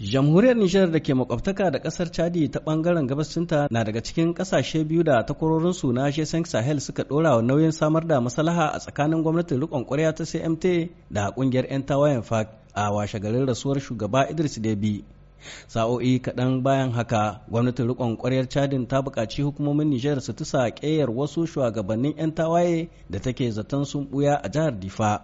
Jamhuriyar Nijar da ke makwabtaka da ƙasar Chadi ta bangaren gabascinta na daga cikin ƙasashe biyu da takwarorin su na Sheseng Sahel suka dora wa nauyin samar da maslaha a tsakanin gwamnatin rikon kwarya ta CMT da ƙungiyar 'yan tawayen FAC a washe garin rasuwar shugaba Idris Deby. sa'o'i kaɗan bayan haka gwamnatin rikon ƙwaryar cadin ta buƙaci hukumomin nijar su tusa ƙeyar wasu shugabannin 'yan tawaye da take zaton sun ɓuya a jihar difa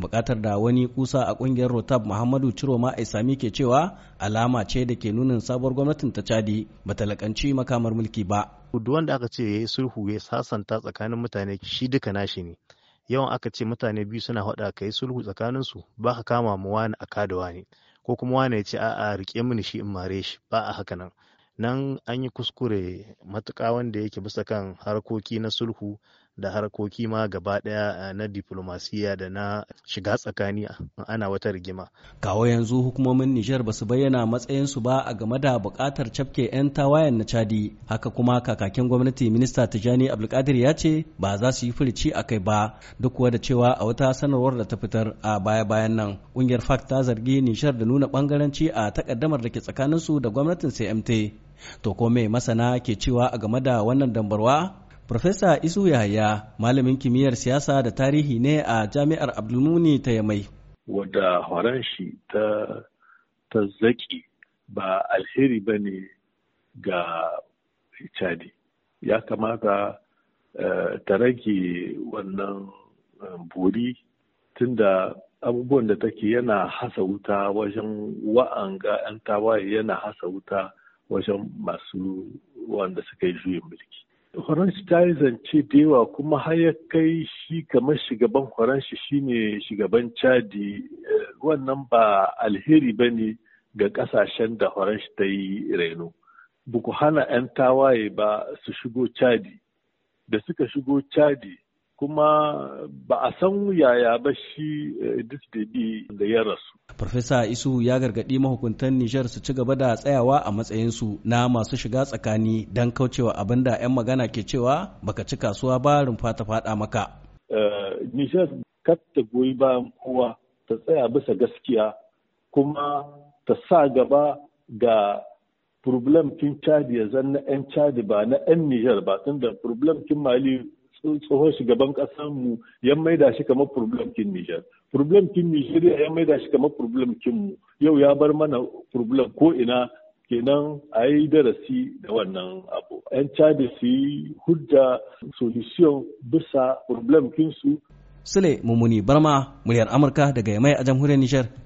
buƙatar da wani kusa a ƙungiyar rotab muhammadu ciroma isami ke cewa alama ce da ke nunin sabuwar gwamnatin ta cadi ba ta lakanci makamar mulki ba duk wanda aka ce ya yi sulhu ya sasanta tsakanin mutane shi duka nashi ne yawan aka ce mutane biyu suna haɗa ka yi sulhu su ba ka kama mu wani a kada ne ko kuma wane ya ce a'a rike mini shi in mare shi ba a haka nan nan an yi kuskure matuƙa wanda yake bisa kan harkoki na sulhu da harkoki ma gaba daya na diplomasiya da na shiga tsakani ana wata rigima. Kawo yanzu hukumomin Nijar ba su bayyana matsayinsu ba a game da bukatar cafke 'yan tawayen na Chadi. Haka kuma kakakin gwamnati minista Tijani Abdulkadir ya ce ba za su yi furici a kai ba duk kuwa da cewa a wata sanarwar da ta fitar a baya-bayan nan ƙungiyar FAC ta zargi Nijar da nuna bangaranci a takaddamar da ke tsakaninsu da gwamnatin CMT. To ko mai masana ke cewa a game da wannan dambarwa? Profesa Isu Yahaya malamin kimiyyar siyasa da tarihi ne a jami'ar Abdulmuni ta Yamai. Wadda horon shi ta, tazzaki ba alheri ba ne ga Chadi. Ya kamata eh, ta rage wannan um, buri tunda abubuwan da take yana hasa wuta wajen wa'anga 'yan tawaye yana hasa wuta wajen masu wanda suka yi juyin mulki Faransa ta yi zance da yawa kuma har ya kai shi kamar shugaban shi shine shugaban Chadi eh, wannan ba alheri ba ne ga kasashen da Faransa ta yi reno. Buku hana 'yan tawaye ba su shigo Chadi. Da suka shigo Chadi kuma ba a san yaya ba shi eh, da da ya rasu. Farfesa Isu ya gargaɗi mahukuntan Nijar su ci gaba da tsayawa a matsayinsu na masu shiga tsakani don kaucewa abin da 'yan magana ke cewa baka ci kasuwa ba rumfa ta faɗa maka. Eh, Nijar kar ta goyi ba kowa ta tsaya bisa gaskiya kuma ta sa gaba ga problem kin cadi ya na 'yan cadi ba na 'yan Nijar ba tunda problem kin Mali tsohon shugaban ƙasar mu ya maida shi kamar problem kin Nijar. Problem kin nijeriya ya maida shi kamar problem kin mu. Yau ya bar mana problem ko ina kenan a yi darasi da wannan abu. 'Yan cadi su yi hujja solution bisa problem kinsu. Sule Mummuni Barma, muryar Amurka daga Yamai a jamhuriyar Nijar.